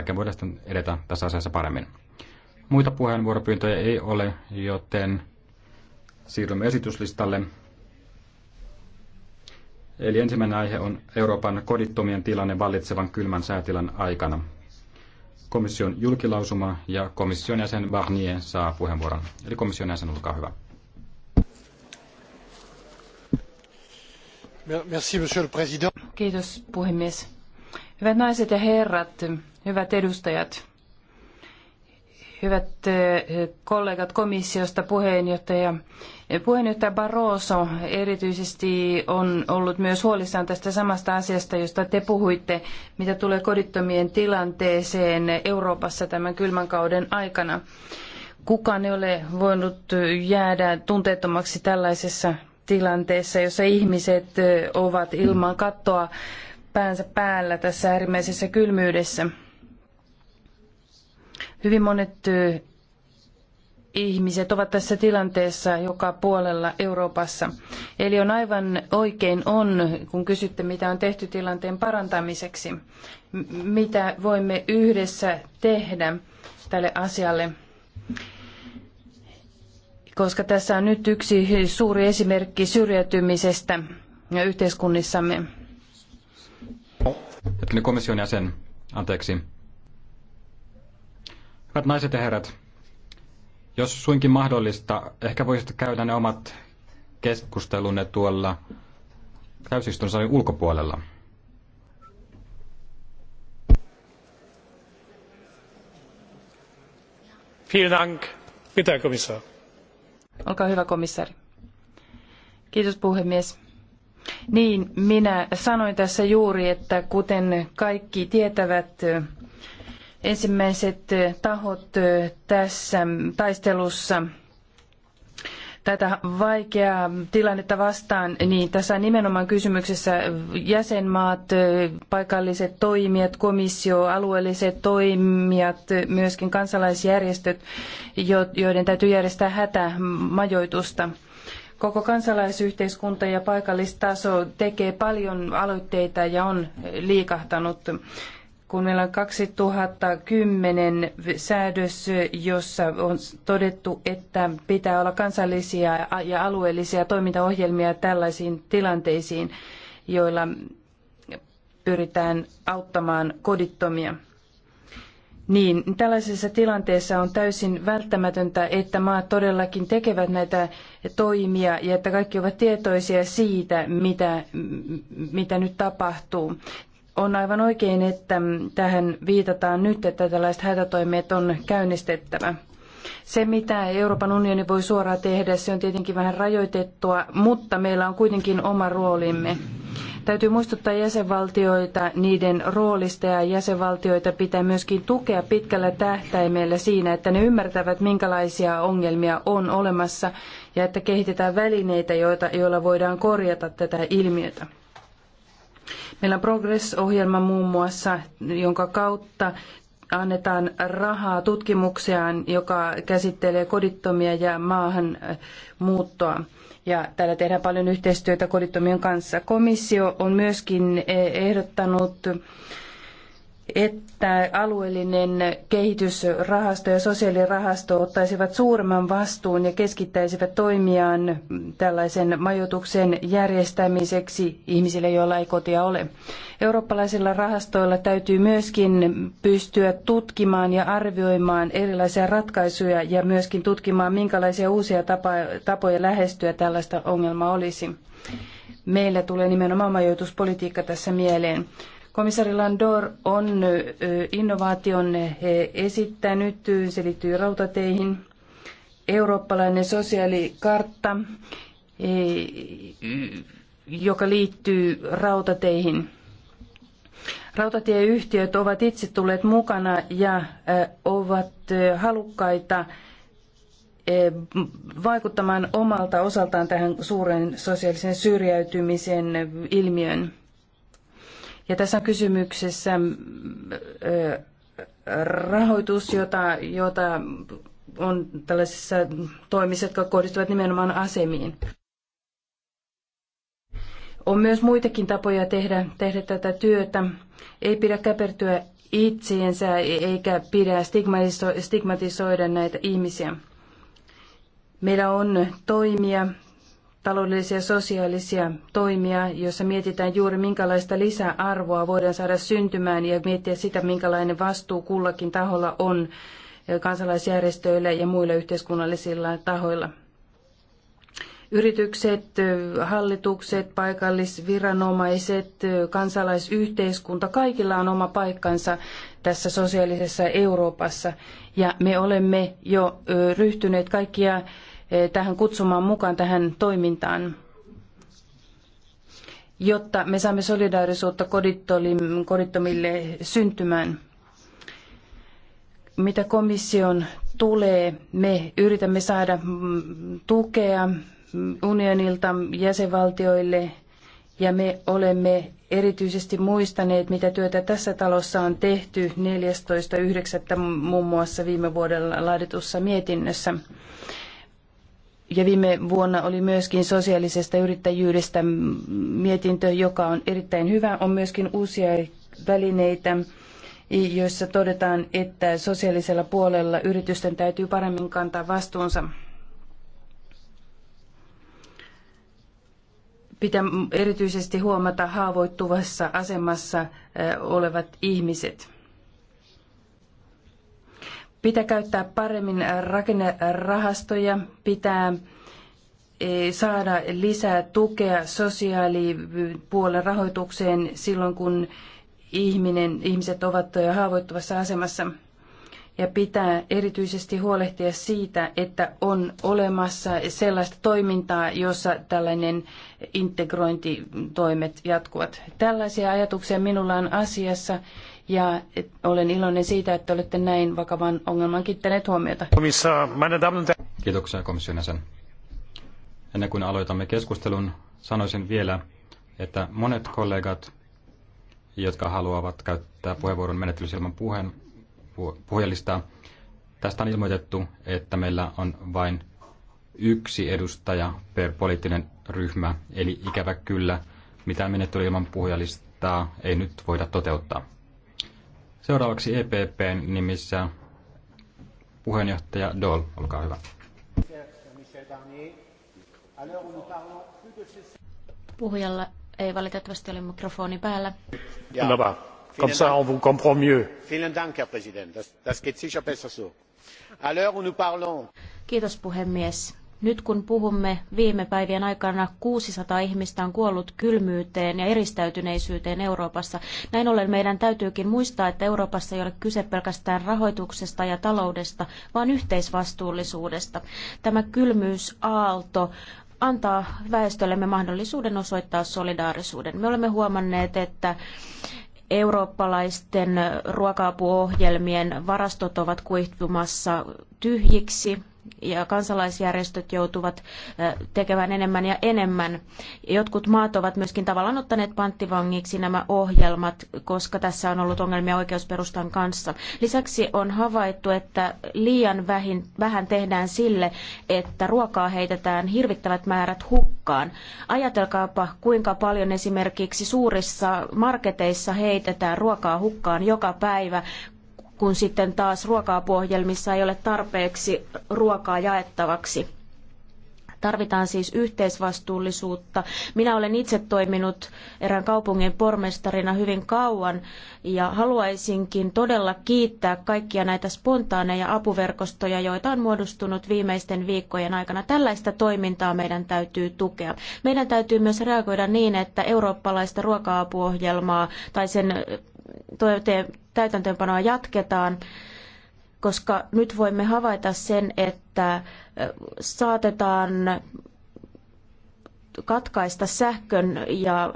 vaikka voidaan sitten edetä tässä asiassa paremmin. Muita puheenvuoropyyntöjä ei ole, joten siirrymme esityslistalle. Eli ensimmäinen aihe on Euroopan kodittomien tilanne vallitsevan kylmän säätilan aikana. Komission julkilausuma ja komission jäsen Barnier saa puheenvuoron. Eli komission jäsen, olkaa hyvä. Merci, monsieur le président. Kiitos puhemies. Hyvät naiset ja herrat, hyvät edustajat, hyvät eh, kollegat komissiosta, puheenjohtaja. Puheenjohtaja Barroso erityisesti on ollut myös huolissaan tästä samasta asiasta, josta te puhuitte, mitä tulee kodittomien tilanteeseen Euroopassa tämän kylmän kauden aikana. Kukaan ei ole voinut jäädä tunteettomaksi tällaisessa tilanteessa, jossa ihmiset eh, ovat ilman kattoa päänsä päällä tässä äärimmäisessä kylmyydessä. Hyvin monet ihmiset ovat tässä tilanteessa joka puolella Euroopassa. Eli on aivan oikein on, kun kysytte, mitä on tehty tilanteen parantamiseksi, mitä voimme yhdessä tehdä tälle asialle. Koska tässä on nyt yksi suuri esimerkki syrjäytymisestä yhteiskunnissamme. Hetkinen komission jäsen, anteeksi. Hyvät naiset ja herrat, jos suinkin mahdollista, ehkä voisitte käydä ne omat keskustelunne tuolla täysistunsalin ulkopuolella. Vielen Dank. Bitte, Herr Kommissar. Olkaa hyvä, komissaari. Kiitos, puhemies. Niin, minä sanoin tässä juuri, että kuten kaikki tietävät, ensimmäiset tahot tässä taistelussa tätä vaikeaa tilannetta vastaan, niin tässä on nimenomaan kysymyksessä jäsenmaat, paikalliset toimijat, komissio, alueelliset toimijat, myöskin kansalaisjärjestöt, joiden täytyy järjestää hätämajoitusta. Koko kansalaisyhteiskunta ja paikallistaso tekee paljon aloitteita ja on liikahtanut kun meillä on 2010 säädös, jossa on todettu, että pitää olla kansallisia ja alueellisia toimintaohjelmia tällaisiin tilanteisiin, joilla pyritään auttamaan kodittomia. Niin, tällaisessa tilanteessa on täysin välttämätöntä, että maat todellakin tekevät näitä toimia ja että kaikki ovat tietoisia siitä, mitä, mitä nyt tapahtuu. On aivan oikein, että tähän viitataan nyt, että tällaiset hätätoimet on käynnistettävä. Se, mitä Euroopan unioni voi suoraan tehdä, se on tietenkin vähän rajoitettua, mutta meillä on kuitenkin oma roolimme. Täytyy muistuttaa jäsenvaltioita niiden roolista ja jäsenvaltioita pitää myöskin tukea pitkällä tähtäimellä siinä, että ne ymmärtävät, minkälaisia ongelmia on olemassa ja että kehitetään välineitä, joita, joilla voidaan korjata tätä ilmiötä. Meillä on Progress-ohjelma muun muassa, jonka kautta annetaan rahaa tutkimukseen, joka käsittelee kodittomia ja maahanmuuttoa. Ja täällä tehdään paljon yhteistyötä kodittomien kanssa. Komissio on myöskin e- ehdottanut että alueellinen kehitysrahasto ja sosiaalirahasto ottaisivat suuremman vastuun ja keskittäisivät toimiaan tällaisen majoituksen järjestämiseksi ihmisille, joilla ei kotia ole. Eurooppalaisilla rahastoilla täytyy myöskin pystyä tutkimaan ja arvioimaan erilaisia ratkaisuja ja myöskin tutkimaan, minkälaisia uusia tapoja lähestyä tällaista ongelmaa olisi. Meillä tulee nimenomaan majoituspolitiikka tässä mieleen. Komissaari Landor on innovaation esittänyt, se liittyy rautateihin, eurooppalainen sosiaalikartta, joka liittyy rautateihin. Rautatieyhtiöt ovat itse tulleet mukana ja ovat halukkaita vaikuttamaan omalta osaltaan tähän suuren sosiaalisen syrjäytymisen ilmiön. Ja tässä on kysymyksessä mm, rahoitus, jota, jota on tällaisissa toimissa, jotka kohdistuvat nimenomaan asemiin. On myös muitakin tapoja tehdä, tehdä tätä työtä. Ei pidä käpertyä itseensä e-, eikä pidä stigmatisoida näitä ihmisiä. Meillä on toimia, taloudellisia ja sosiaalisia toimia, joissa mietitään juuri minkälaista lisäarvoa voidaan saada syntymään ja miettiä sitä, minkälainen vastuu kullakin taholla on eh, kansalaisjärjestöillä ja muilla yhteiskunnallisilla tahoilla. Yritykset, eh, hallitukset, paikallisviranomaiset, eh, kansalaisyhteiskunta, kaikilla on oma paikkansa tässä sosiaalisessa Euroopassa. Ja me olemme jo ryhtyneet kaikkia Eh, tähän kutsumaan mukaan tähän toimintaan, jotta me saamme solidaarisuutta kodittomille syntymään. Mitä komission tulee, me yritämme saada mm, tukea mm, unionilta jäsenvaltioille ja me olemme erityisesti muistaneet, mitä työtä tässä talossa on tehty 14.9. Mm, muun muassa viime vuodella laaditussa mietinnössä ja viime vuonna oli myöskin sosiaalisesta yrittäjyydestä mietintö, joka on erittäin hyvä. On myöskin uusia välineitä, joissa todetaan, että sosiaalisella puolella yritysten täytyy paremmin kantaa vastuunsa. Pitää erityisesti huomata haavoittuvassa asemassa olevat ihmiset. Pitää käyttää paremmin rakennerahastoja, pitää e, saada lisää tukea sosiaalipuolen rahoitukseen silloin, kun ihminen, ihmiset ovat haavoittuvassa asemassa ja pitää erityisesti huolehtia siitä, että on olemassa sellaista toimintaa, jossa tällainen integrointitoimet jatkuvat. Tällaisia ajatuksia minulla on asiassa ja olen iloinen siitä, että olette näin vakavan ongelman kittäneet huomiota. Kiitoksia komission jäsen. Ennen kuin aloitamme keskustelun, sanoisin vielä, että monet kollegat, jotka haluavat käyttää puheenvuoron menettelysilman puheen, puhujalistaa. Tästä on ilmoitettu, että meillä on vain yksi edustaja per poliittinen ryhmä, eli ikävä kyllä mitä menettely ilman puhujalistaa ei nyt voida toteuttaa. Seuraavaksi EPPn nimissä puheenjohtaja Dol, olkaa hyvä. Puhujalla ei valitettavasti ole mikrofoni päällä. Ja. No vaan comme puhemies. Nyt kun puhumme viime päivien aikana 600 ihmistä on kuollut kylmyyteen ja eristäytyneisyyteen Euroopassa, näin ollen meidän täytyykin muistaa, että Euroopassa ei ole kyse pelkästään rahoituksesta ja taloudesta, vaan yhteisvastuullisuudesta. Tämä kylmyysaalto antaa väestöllemme mahdollisuuden osoittaa solidaarisuuden. Me olemme huomanneet, että eurooppalaisten ruoka-apuohjelmien varastot ovat kuihtumassa tyhjiksi ja kansalaisjärjestöt joutuvat tekemään enemmän ja enemmän. Jotkut maat ovat myöskin tavallaan ottaneet panttivangiksi nämä ohjelmat, koska tässä on ollut ongelmia oikeusperustan kanssa. Lisäksi on havaittu, että liian vähin, vähän tehdään sille, että ruokaa heitetään hirvittävät määrät hukkaan. Ajatelkaapa, kuinka paljon esimerkiksi suurissa marketeissa heitetään ruokaa hukkaan joka päivä, kun sitten taas ruoka-apuohjelmissa ei ole tarpeeksi ruokaa jaettavaksi. Tarvitaan siis yhteisvastuullisuutta. Minä olen itse toiminut erään kaupungin pormestarina hyvin kauan ja haluaisinkin todella kiittää kaikkia näitä spontaaneja apuverkostoja, joita on muodostunut viimeisten viikkojen aikana. Tällaista toimintaa meidän täytyy tukea. Meidän täytyy myös reagoida niin, että eurooppalaista ruoka-apuohjelmaa tai sen täytäntöönpanoa jatketaan, koska nyt voimme havaita sen, että saatetaan katkaista sähkön ja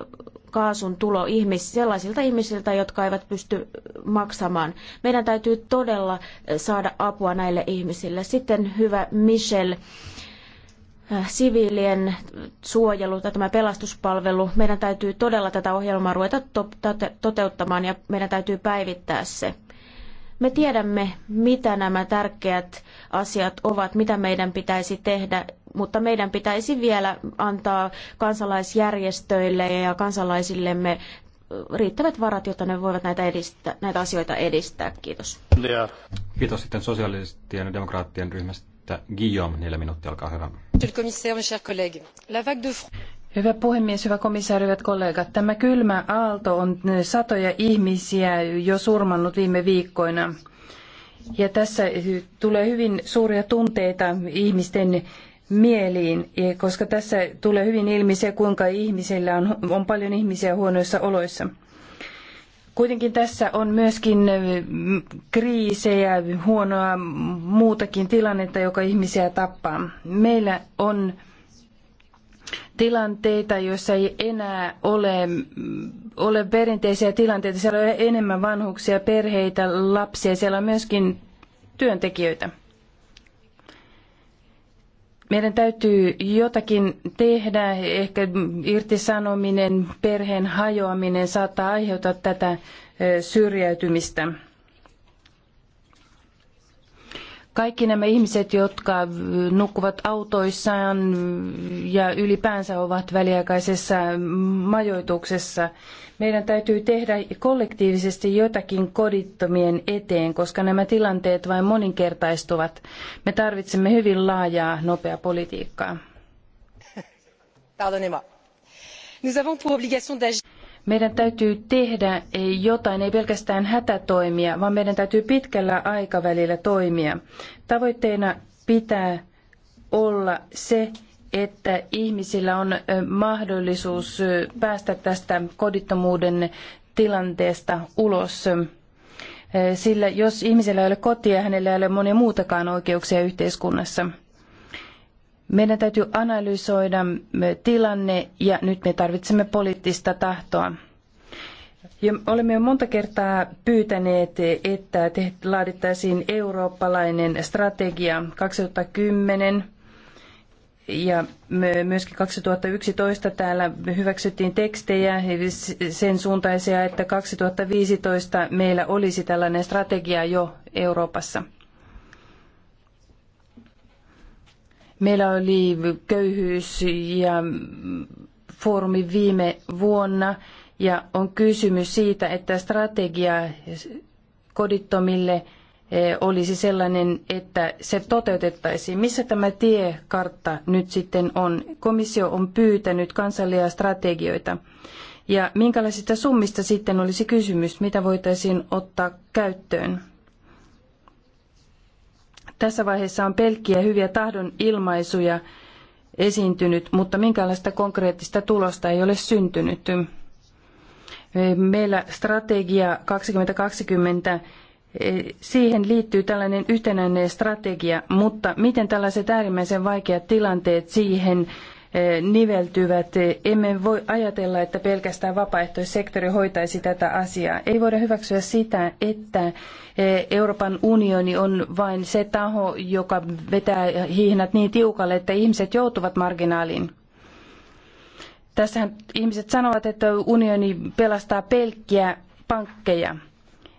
kaasun tulo ihmis, sellaisilta ihmisiltä, jotka eivät pysty maksamaan. Meidän täytyy todella saada apua näille ihmisille. Sitten hyvä Michel, Äh, siviilien suojelu tai tämä pelastuspalvelu, meidän täytyy todella tätä ohjelmaa ruveta toteuttamaan ja meidän täytyy päivittää se. Me tiedämme, mitä nämä tärkeät asiat ovat, mitä meidän pitäisi tehdä, mutta meidän pitäisi vielä antaa kansalaisjärjestöille ja kansalaisillemme riittävät varat, jotta ne voivat näitä, edistää, näitä asioita edistää. Kiitos. Kiitos sitten sosiaalistien ja demokraattien ryhmästä hyvä. Hyvä puhemies, hyvä komissaari, hyvät kollegat. Tämä kylmä aalto on äh, satoja ihmisiä jo surmannut viime viikkoina. Ja tässä äh, tulee hyvin suuria tunteita ihmisten mieliin, koska tässä tulee hyvin ilmi se, kuinka ihmisillä on, on paljon ihmisiä huonoissa oloissa. Kuitenkin tässä on myöskin kriisejä, huonoa muutakin tilannetta, joka ihmisiä tappaa. Meillä on tilanteita, joissa ei enää ole, ole perinteisiä tilanteita. Siellä on enemmän vanhuksia, perheitä, lapsia. Siellä on myöskin työntekijöitä. Meidän täytyy jotakin tehdä, ehkä irtisanominen, perheen hajoaminen saattaa aiheuttaa tätä syrjäytymistä. Kaikki nämä ihmiset, jotka nukkuvat autoissaan ja ylipäänsä ovat väliaikaisessa majoituksessa, meidän täytyy tehdä kollektiivisesti jotakin kodittomien eteen, koska nämä tilanteet vain moninkertaistuvat. Me tarvitsemme hyvin laajaa, nopeaa politiikkaa. Pardonnez-moi. Nous avons pour obligation d'agir. Meidän täytyy tehdä jotain, ei pelkästään hätätoimia, vaan meidän täytyy pitkällä aikavälillä toimia. Tavoitteena pitää olla se, että ihmisillä on mahdollisuus päästä tästä kodittomuuden tilanteesta ulos. Sillä jos ihmisellä ei ole kotia, hänellä ei ole monia muutakaan oikeuksia yhteiskunnassa. Meidän täytyy analysoida mm, tilanne ja nyt me tarvitsemme poliittista tahtoa. Ja olemme jo monta kertaa pyytäneet, että laadittaisiin eurooppalainen strategia 2010 ja myöskin 2011 täällä hyväksyttiin tekstejä sen suuntaisia, että 2015 meillä olisi tällainen strategia jo Euroopassa. Meillä oli köyhyys ja foorumi viime vuonna ja on kysymys siitä, että strategia kodittomille eh, olisi sellainen, että se toteutettaisiin. Missä tämä tiekartta nyt sitten on? Komissio on pyytänyt kansallisia strategioita. Ja minkälaisista summista sitten olisi kysymys, mitä voitaisiin ottaa käyttöön? Tässä vaiheessa on pelkkiä hyviä tahdonilmaisuja esiintynyt, mutta minkäänlaista konkreettista tulosta ei ole syntynyt. Meillä strategia 2020 Siihen liittyy tällainen yhtenäinen strategia, mutta miten tällaiset äärimmäisen vaikeat tilanteet siihen Eh, niveltyvät. Emme voi ajatella, että pelkästään vapaaehtoissektori hoitaisi tätä asiaa. Ei voida hyväksyä sitä, että eh, Euroopan unioni on vain se taho, joka vetää hihnat niin tiukalle, että ihmiset joutuvat marginaaliin. Tässähän ihmiset sanovat, että unioni pelastaa pelkkiä pankkeja.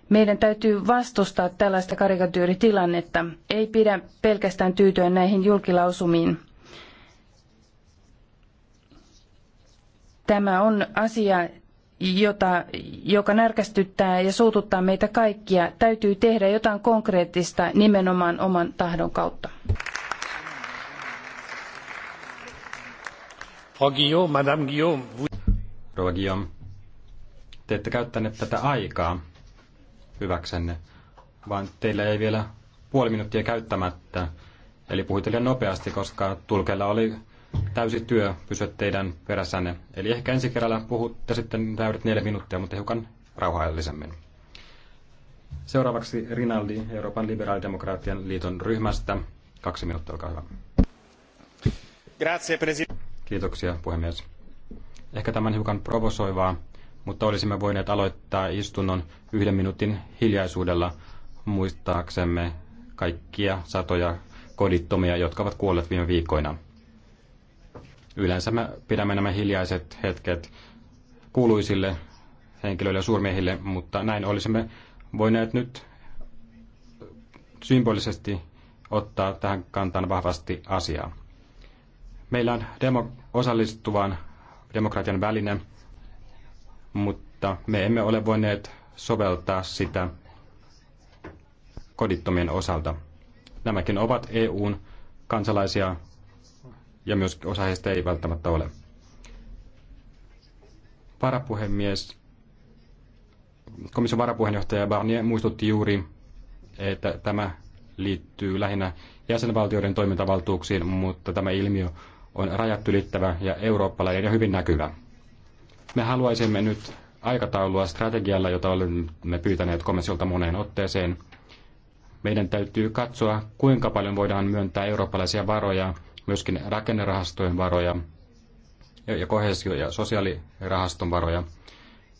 Meidän täytyy vastustaa tällaista karikatyyritilannetta. Ei pidä pelkästään tyytyä näihin julkilausumiin. Tämä on asia, jota, joka närkästyttää ja suututtaa meitä kaikkia. Täytyy tehdä jotain konkreettista nimenomaan oman tahdon kautta. Rouva Guillaume, te ette käyttäneet tätä aikaa hyväksenne, vaan teillä ei vielä puoli minuuttia käyttämättä. Eli puhuitte liian nopeasti, koska tulkella oli täysi työ pysyä teidän perässänne. Eli ehkä ensi kerralla puhutte sitten täydet neljä minuuttia, mutta hiukan rauhallisemmin. Seuraavaksi Rinaldi Euroopan liberaalidemokraattien liiton ryhmästä. Kaksi minuuttia, olkaa hyvä. Grazie, Kiitoksia, puhemies. Ehkä tämän hiukan provosoivaa, mutta olisimme voineet aloittaa istunnon yhden minuutin hiljaisuudella muistaaksemme kaikkia satoja kodittomia, jotka ovat kuolleet viime viikkoina. Yleensä me pidämme nämä hiljaiset hetket kuuluisille henkilöille ja suurmiehille, mutta näin olisimme voineet nyt symbolisesti ottaa tähän kantaan vahvasti asiaa. Meillä on demo- osallistuvan demokratian väline, mutta me emme ole voineet soveltaa sitä kodittomien osalta. Nämäkin ovat EUn kansalaisia, ja myös osa heistä ei välttämättä ole. Varapuhemies, komission varapuheenjohtaja Barnier muistutti juuri, että tämä liittyy lähinnä jäsenvaltioiden toimintavaltuuksiin, mutta tämä ilmiö on rajat ylittävä ja eurooppalainen ja hyvin näkyvä. Me haluaisimme nyt aikataulua strategialla, jota olemme pyytäneet komissiolta moneen otteeseen. Meidän täytyy katsoa, kuinka paljon voidaan myöntää eurooppalaisia varoja myöskin rakennerahastojen varoja ja kohesio- ja sosiaalirahaston varoja.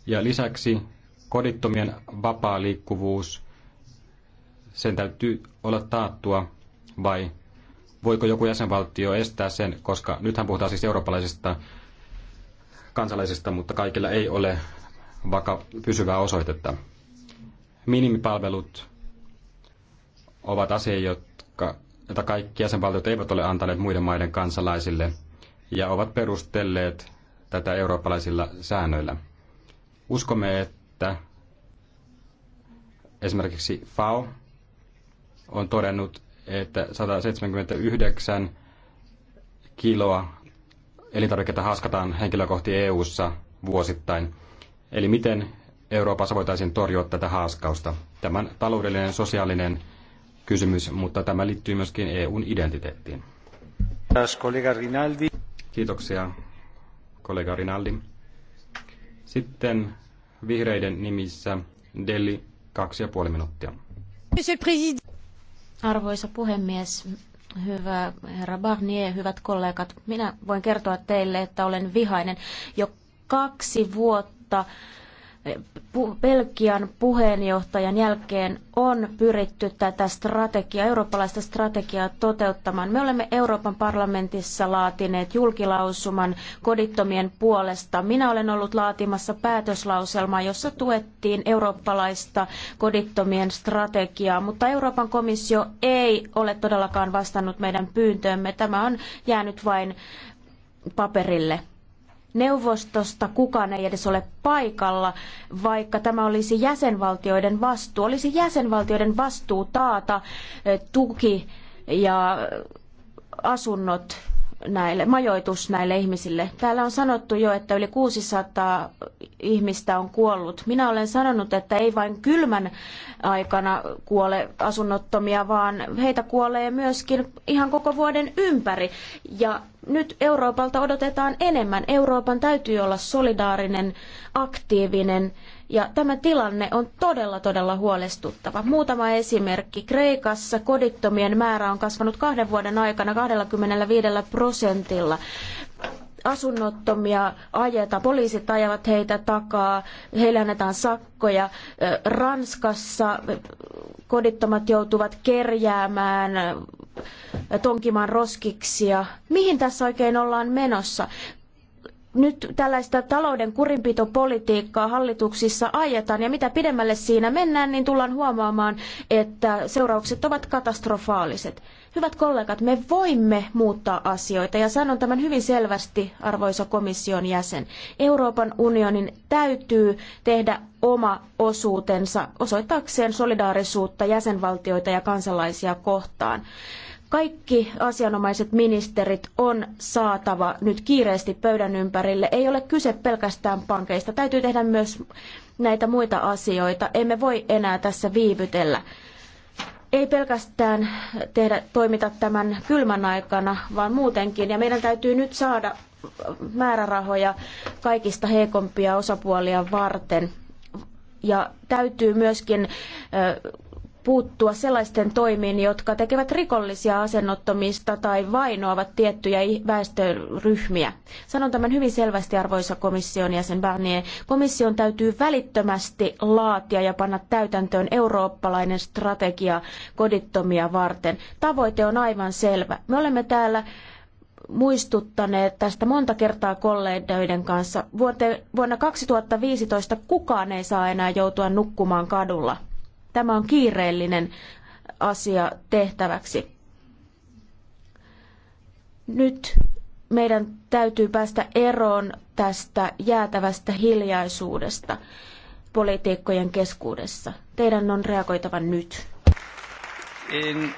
Ja lisäksi kodittomien vapaa liikkuvuus, sen täytyy olla taattua vai voiko joku jäsenvaltio estää sen, koska nythän puhutaan siis eurooppalaisista kansalaisista, mutta kaikilla ei ole vaka- pysyvää osoitetta. Minimipalvelut ovat asia, jotka jota kaikki jäsenvaltiot eivät ole antaneet muiden maiden kansalaisille ja ovat perustelleet tätä eurooppalaisilla säännöillä. Uskomme, että esimerkiksi FAO on todennut, että 179 kiloa elintarvikkeita haskataan henkilökohti EU-ssa vuosittain. Eli miten Euroopassa voitaisiin torjua tätä haaskausta? Tämän taloudellinen, sosiaalinen kysymys, mutta tämä liittyy myöskin EUn identiteettiin. Kiitoksia, kollega Rinaldi. Sitten vihreiden nimissä Delli, kaksi ja puoli minuuttia. Arvoisa puhemies, hyvä herra Barnier, hyvät kollegat. Minä voin kertoa teille, että olen vihainen jo kaksi vuotta Belgian puheenjohtajan jälkeen on pyritty tätä strategiaa, eurooppalaista strategiaa toteuttamaan. Me olemme Euroopan parlamentissa laatineet julkilausuman kodittomien puolesta. Minä olen ollut laatimassa päätöslauselmaa, jossa tuettiin eurooppalaista kodittomien strategiaa, mutta Euroopan komissio ei ole todellakaan vastannut meidän pyyntöömme. Tämä on jäänyt vain paperille. Neuvostosta kukaan ei edes ole paikalla, vaikka tämä olisi jäsenvaltioiden vastuu. Olisi jäsenvaltioiden vastuu taata tuki ja asunnot näille, majoitus näille ihmisille. Täällä on sanottu jo, että yli 600 ihmistä on kuollut. Minä olen sanonut, että ei vain kylmän aikana kuole asunnottomia, vaan heitä kuolee myöskin ihan koko vuoden ympäri. Ja nyt Euroopalta odotetaan enemmän. Euroopan täytyy olla solidaarinen, aktiivinen ja tämä tilanne on todella, todella huolestuttava. Muutama esimerkki. Kreikassa kodittomien määrä on kasvanut kahden vuoden aikana 25 prosentilla. Asunnottomia ajetaan, poliisit ajavat heitä takaa, heille annetaan sakkoja. Ranskassa kodittomat joutuvat kerjäämään tonkimaan roskiksia. Mihin tässä oikein ollaan menossa? Nyt tällaista talouden kurinpitopolitiikkaa hallituksissa ajetaan ja mitä pidemmälle siinä mennään, niin tullaan huomaamaan, että seuraukset ovat katastrofaaliset. Hyvät kollegat, me voimme muuttaa asioita ja sanon tämän hyvin selvästi, arvoisa komission jäsen. Euroopan unionin täytyy tehdä oma osuutensa osoittaakseen solidaarisuutta jäsenvaltioita ja kansalaisia kohtaan. Kaikki asianomaiset ministerit on saatava nyt kiireesti pöydän ympärille. Ei ole kyse pelkästään pankeista. Täytyy tehdä myös näitä muita asioita. Emme voi enää tässä viivytellä. Ei pelkästään tehdä, toimita tämän kylmän aikana, vaan muutenkin. Ja meidän täytyy nyt saada määrärahoja kaikista heikompia osapuolia varten. Ja täytyy myöskin puuttua sellaisten toimiin, jotka tekevät rikollisia asennottomista tai vainoavat tiettyjä väestöryhmiä. Sanon tämän hyvin selvästi, arvoisa komission jäsen Barnier. Komission täytyy välittömästi laatia ja panna täytäntöön eurooppalainen strategia kodittomia varten. Tavoite on aivan selvä. Me olemme täällä muistuttaneet tästä monta kertaa kollegoiden kanssa. Vuote, vuonna 2015 kukaan ei saa enää joutua nukkumaan kadulla. Tämä on kiireellinen asia tehtäväksi. Nyt meidän täytyy päästä eroon tästä jäätävästä hiljaisuudesta poliitikkojen keskuudessa. Teidän on reagoitava nyt. En,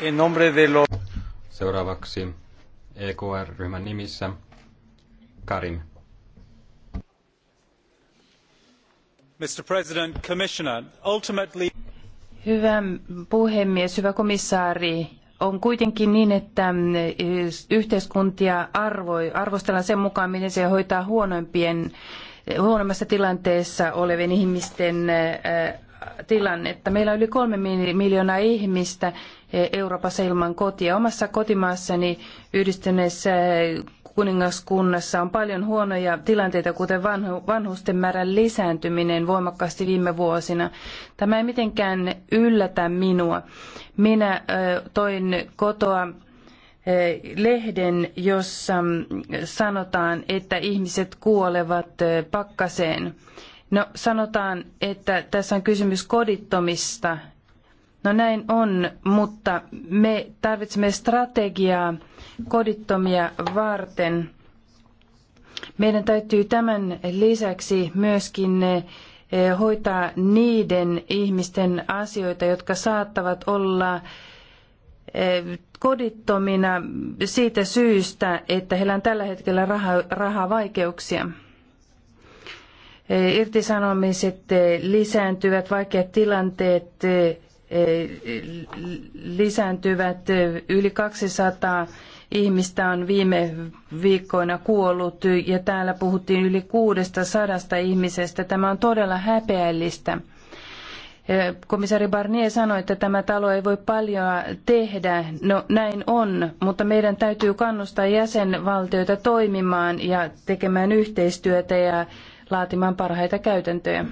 en nombre de lo... Seuraavaksi EKR-ryhmän nimissä Karim Mr. President, Commissioner, ultimately... Hyvä puhemies, hyvä komissaari. On kuitenkin niin, että mm, yhteiskuntia arvostellaan sen mukaan, miten se hoitaa huonoimpien, huonommassa tilanteessa olevien ihmisten tilannetta. Meillä on yli kolme miljoonaa ihmistä, Euroopassa ilman kotia. Omassa kotimaassani yhdistyneessä kuningaskunnassa on paljon huonoja tilanteita, kuten vanhusten määrän lisääntyminen voimakkaasti viime vuosina. Tämä ei mitenkään yllätä minua. Minä toin kotoa lehden, jossa mm, sanotaan, että ihmiset kuolevat pakkaseen. No sanotaan, että tässä on kysymys kodittomista No näin on, mutta me tarvitsemme strategiaa kodittomia varten. Meidän täytyy tämän lisäksi myöskin eh, eh, hoitaa niiden ihmisten asioita, jotka saattavat olla eh, kodittomina siitä syystä, että heillä on tällä hetkellä raha, rahavaikeuksia. Irtisanomiset lisääntyvät, vaikeat tilanteet lisääntyvät. Yli 200 ihmistä on viime viikkoina kuollut ja täällä puhuttiin yli 600 ihmisestä. Tämä on todella häpeällistä. Komissaari Barnier sanoi, että tämä talo ei voi paljoa tehdä. No näin on, mutta meidän täytyy kannustaa jäsenvaltioita toimimaan ja tekemään yhteistyötä ja laatimaan parhaita käytäntöjä.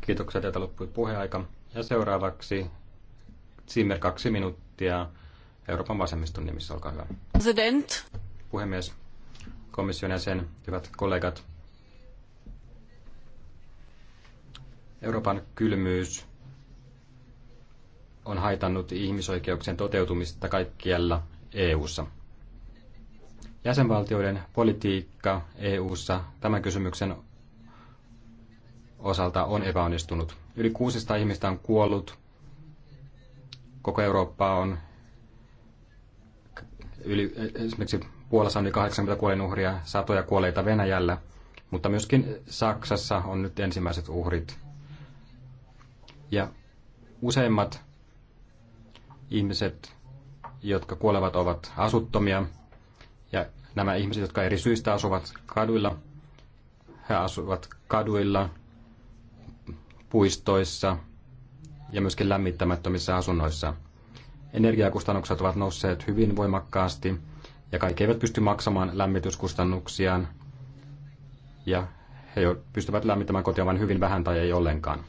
Kiitoksia, teiltä loppui puheaika. Ja seuraavaksi Zimmer kaksi minuuttia Euroopan vasemmiston nimissä, olkaa hyvä. President. Puhemies, komission jäsen, hyvät kollegat. Euroopan kylmyys on haitannut ihmisoikeuksien toteutumista kaikkialla EU-ssa. Jäsenvaltioiden politiikka EU-ssa tämän kysymyksen osalta on epäonnistunut. Yli 600 ihmistä on kuollut. Koko Eurooppa on yli, esimerkiksi Puolassa on yli 80 uhria, satoja kuoleita Venäjällä, mutta myöskin Saksassa on nyt ensimmäiset uhrit. Ja useimmat ihmiset, jotka kuolevat, ovat asuttomia. Ja nämä ihmiset, jotka eri syistä asuvat kaduilla, he asuvat kaduilla puistoissa ja myöskin lämmittämättömissä asunnoissa. Energiakustannukset ovat nousseet hyvin voimakkaasti ja kaikki eivät pysty maksamaan lämmityskustannuksiaan ja he pystyvät lämmittämään kotia vain hyvin vähän tai ei ollenkaan.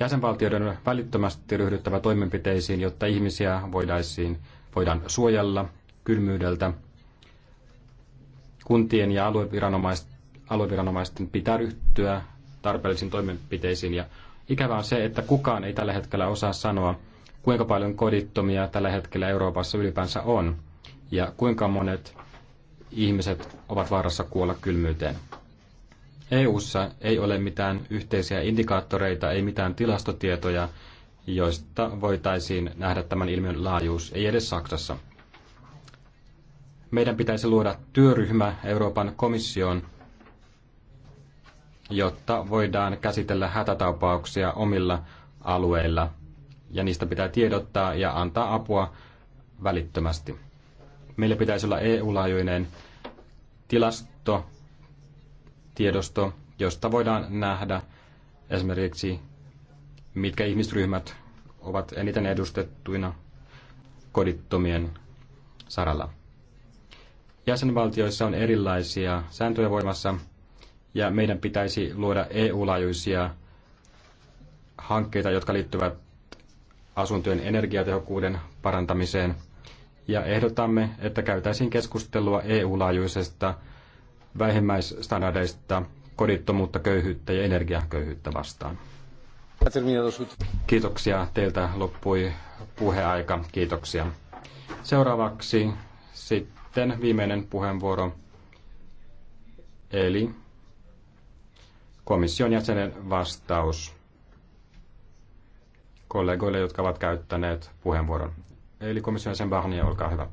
Jäsenvaltioiden välittömästi ryhdyttävä toimenpiteisiin, jotta ihmisiä voidaisiin, voidaan suojella kylmyydeltä. Kuntien ja alueviranomaisten, alueviranomaisten pitää ryhtyä tarpeellisiin toimenpiteisiin. Ja ikävää on se, että kukaan ei tällä hetkellä osaa sanoa, kuinka paljon kodittomia tällä hetkellä Euroopassa ylipäänsä on ja kuinka monet ihmiset ovat vaarassa kuolla kylmyyteen. EU:ssa ei ole mitään yhteisiä indikaattoreita, ei mitään tilastotietoja, joista voitaisiin nähdä tämän ilmiön laajuus, ei edes Saksassa. Meidän pitäisi luoda työryhmä Euroopan komissioon jotta voidaan käsitellä hätätapauksia omilla alueilla. Ja niistä pitää tiedottaa ja antaa apua välittömästi. Meillä pitäisi olla EU-laajuinen tilasto, tiedosto, josta voidaan nähdä esimerkiksi, mitkä ihmisryhmät ovat eniten edustettuina kodittomien saralla. Jäsenvaltioissa on erilaisia sääntöjä voimassa, ja meidän pitäisi luoda EU-laajuisia hankkeita, jotka liittyvät asuntojen energiatehokkuuden parantamiseen. Ja ehdotamme, että käytäisiin keskustelua EU-laajuisesta vähimmäisstandardeista kodittomuutta, köyhyyttä ja energiaköyhyyttä vastaan. Kiitoksia. Teiltä loppui puheaika. Kiitoksia. Seuraavaksi sitten viimeinen puheenvuoro. Eli komission jäsenen vastaus kollegoille, jotka ovat käyttäneet puheenvuoron. Eli komission jäsen Barnier, olkaa hyvä.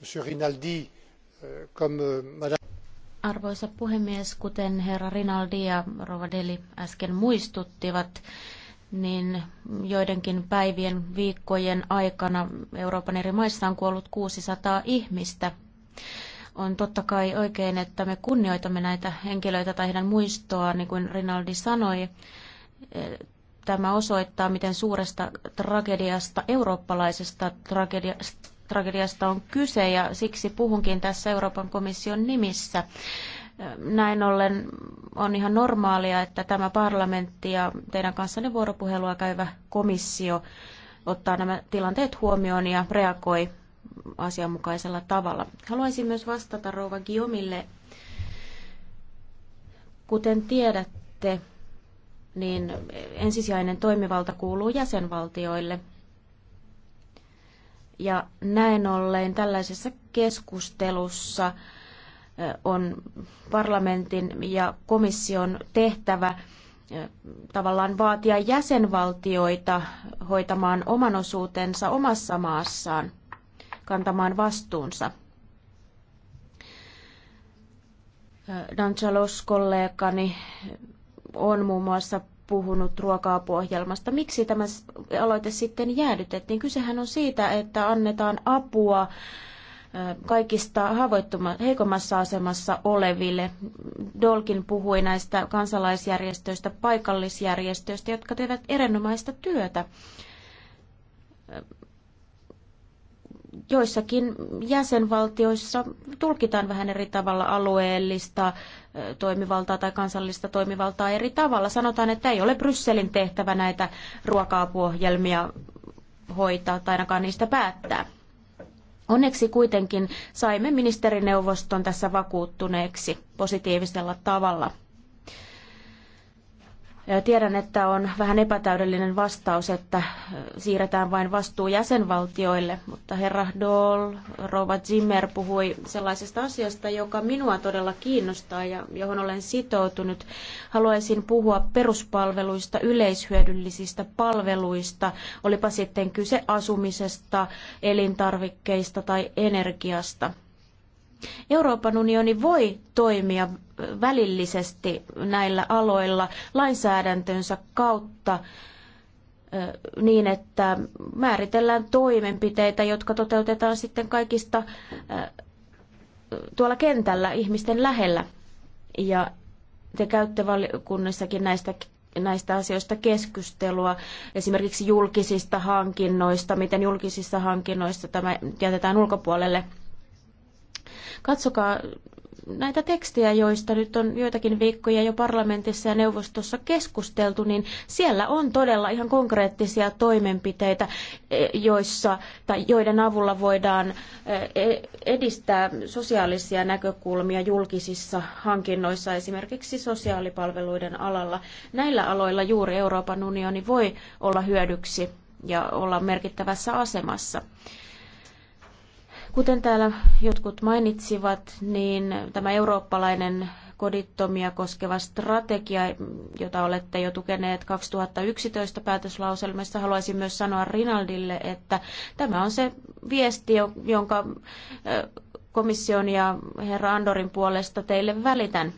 Monsieur Rinaldi, euh, comme euh, madame... Arvoisa puhemies, kuten herra Rinaldi ja Rovadeli äsken muistuttivat, niin joidenkin päivien, viikkojen aikana Euroopan eri maissa on kuollut 600 ihmistä on totta kai oikein, että me kunnioitamme näitä henkilöitä tai heidän muistoa, niin kuin Rinaldi sanoi. Tämä osoittaa, miten suuresta tragediasta, eurooppalaisesta tragediasta on kyse, ja siksi puhunkin tässä Euroopan komission nimissä. Näin ollen on ihan normaalia, että tämä parlamentti ja teidän kanssanne vuoropuhelua käyvä komissio ottaa nämä tilanteet huomioon ja reagoi asianmukaisella tavalla. Haluaisin myös vastata rouva Giomille. Kuten tiedätte, niin ensisijainen toimivalta kuuluu jäsenvaltioille. Ja näin ollen tällaisessa keskustelussa on parlamentin ja komission tehtävä tavallaan vaatia jäsenvaltioita hoitamaan oman osuutensa omassa maassaan kantamaan vastuunsa. Danchalos kollegani on muun muassa puhunut ruoka-apuohjelmasta. Miksi tämä aloite sitten jäädytettiin? Kysehän on siitä, että annetaan apua kaikista heikommassa asemassa oleville. Dolkin puhui näistä kansalaisjärjestöistä, paikallisjärjestöistä, jotka tekevät erinomaista työtä joissakin jäsenvaltioissa tulkitaan vähän eri tavalla alueellista toimivaltaa tai kansallista toimivaltaa eri tavalla. Sanotaan, että ei ole Brysselin tehtävä näitä ruoka-apuohjelmia hoitaa tai ainakaan niistä päättää. Onneksi kuitenkin saimme ministerineuvoston tässä vakuuttuneeksi positiivisella tavalla. Tiedän, että on vähän epätäydellinen vastaus, että äh, siirretään vain vastuu jäsenvaltioille, mutta herra Doll, rouva Zimmer puhui sellaisesta asiasta, joka minua todella kiinnostaa ja johon olen sitoutunut. Haluaisin puhua peruspalveluista, yleishyödyllisistä palveluista, olipa sitten kyse asumisesta, elintarvikkeista tai energiasta. Euroopan unioni voi toimia välillisesti näillä aloilla lainsäädäntönsä kautta niin, että määritellään toimenpiteitä, jotka toteutetaan sitten kaikista tuolla kentällä ihmisten lähellä. Ja te käytte valiokunnissakin näistä näistä asioista keskustelua, esimerkiksi julkisista hankinnoista, miten julkisissa hankinnoissa tämä jätetään ulkopuolelle. Katsokaa näitä tekstejä, joista nyt on joitakin viikkoja jo parlamentissa ja neuvostossa keskusteltu, niin siellä on todella ihan konkreettisia toimenpiteitä, e, joissa, tai joiden avulla voidaan e, e, edistää sosiaalisia näkökulmia julkisissa hankinnoissa, esimerkiksi sosiaalipalveluiden alalla. Näillä aloilla juuri Euroopan unioni voi olla hyödyksi ja olla merkittävässä asemassa. Kuten täällä jotkut mainitsivat, niin tämä eurooppalainen kodittomia koskeva strategia, jota olette jo tukeneet 2011 päätöslauselmassa. Haluaisin myös sanoa Rinaldille, että tämä on se viesti, jonka komission ja herra Andorin puolesta teille välitän.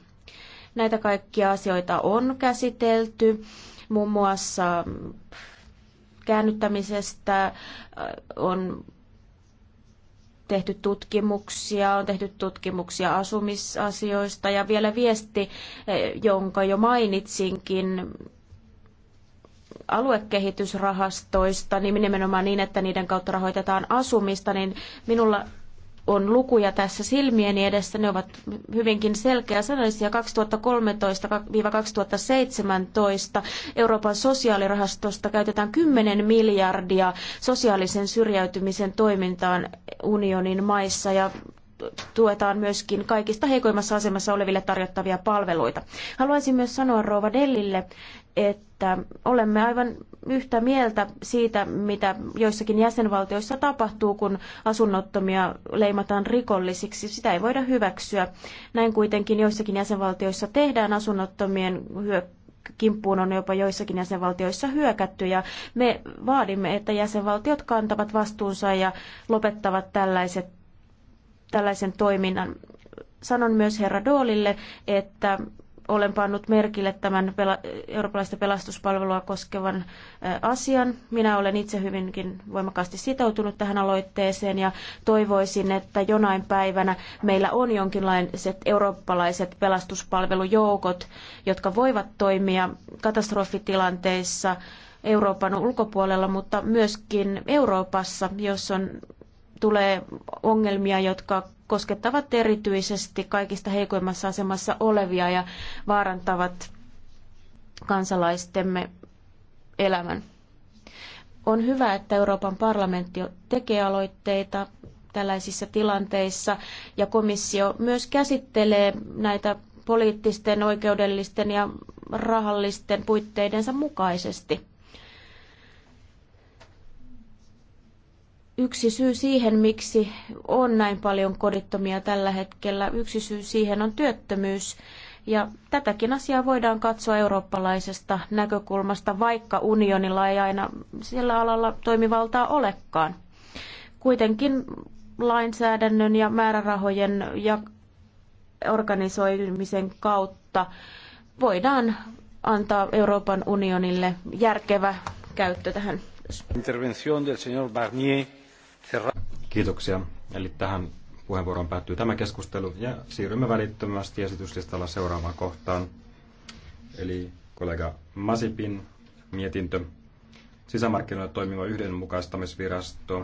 Näitä kaikkia asioita on käsitelty, muun muassa käännyttämisestä on tehty tutkimuksia, on tehty tutkimuksia asumisasioista ja vielä viesti, eh, jonka jo mainitsinkin aluekehitysrahastoista, niin nimenomaan niin, että niiden kautta rahoitetaan asumista, niin minulla on lukuja tässä silmieni edessä, ne ovat hyvinkin selkeä sanallisia. 2013-2017 Euroopan sosiaalirahastosta käytetään 10 miljardia sosiaalisen syrjäytymisen toimintaan unionin maissa ja tuetaan myöskin kaikista heikoimmassa asemassa oleville tarjottavia palveluita. Haluaisin myös sanoa Rouva Dellille, että olemme aivan yhtä mieltä siitä, mitä joissakin jäsenvaltioissa tapahtuu, kun asunnottomia leimataan rikollisiksi. Sitä ei voida hyväksyä. Näin kuitenkin joissakin jäsenvaltioissa tehdään asunnottomien hyö- kimppuun on jopa joissakin jäsenvaltioissa hyökätty ja me vaadimme, että jäsenvaltiot kantavat vastuunsa ja lopettavat tällaiset, tällaisen toiminnan. Sanon myös herra Doolille, että olen pannut merkille tämän pela- eurooppalaista pelastuspalvelua koskevan asian. Minä olen itse hyvinkin voimakkaasti sitoutunut tähän aloitteeseen ja toivoisin, että jonain päivänä meillä on jonkinlaiset eurooppalaiset pelastuspalvelujoukot, jotka voivat toimia katastrofitilanteissa Euroopan ulkopuolella, mutta myöskin Euroopassa, jos on tulee ongelmia, jotka koskettavat erityisesti kaikista heikoimmassa asemassa olevia ja vaarantavat kansalaistemme elämän. On hyvä, että Euroopan parlamentti tekee aloitteita tällaisissa tilanteissa ja komissio myös käsittelee näitä poliittisten, oikeudellisten ja rahallisten puitteidensa mukaisesti. yksi syy siihen, miksi on näin paljon kodittomia tällä hetkellä, yksi syy siihen on työttömyys. Ja tätäkin asiaa voidaan katsoa eurooppalaisesta näkökulmasta, vaikka unionilla ei aina sillä alalla toimivaltaa olekaan. Kuitenkin lainsäädännön ja määrärahojen ja organisoimisen kautta voidaan antaa Euroopan unionille järkevä käyttö tähän. del señor Barnier Kiitoksia. Eli tähän puheenvuoroon päättyy tämä keskustelu ja siirrymme välittömästi esityslistalla seuraavaan kohtaan. Eli kollega Masipin mietintö. Sisämarkkinoilla toimiva yhdenmukaistamisvirasto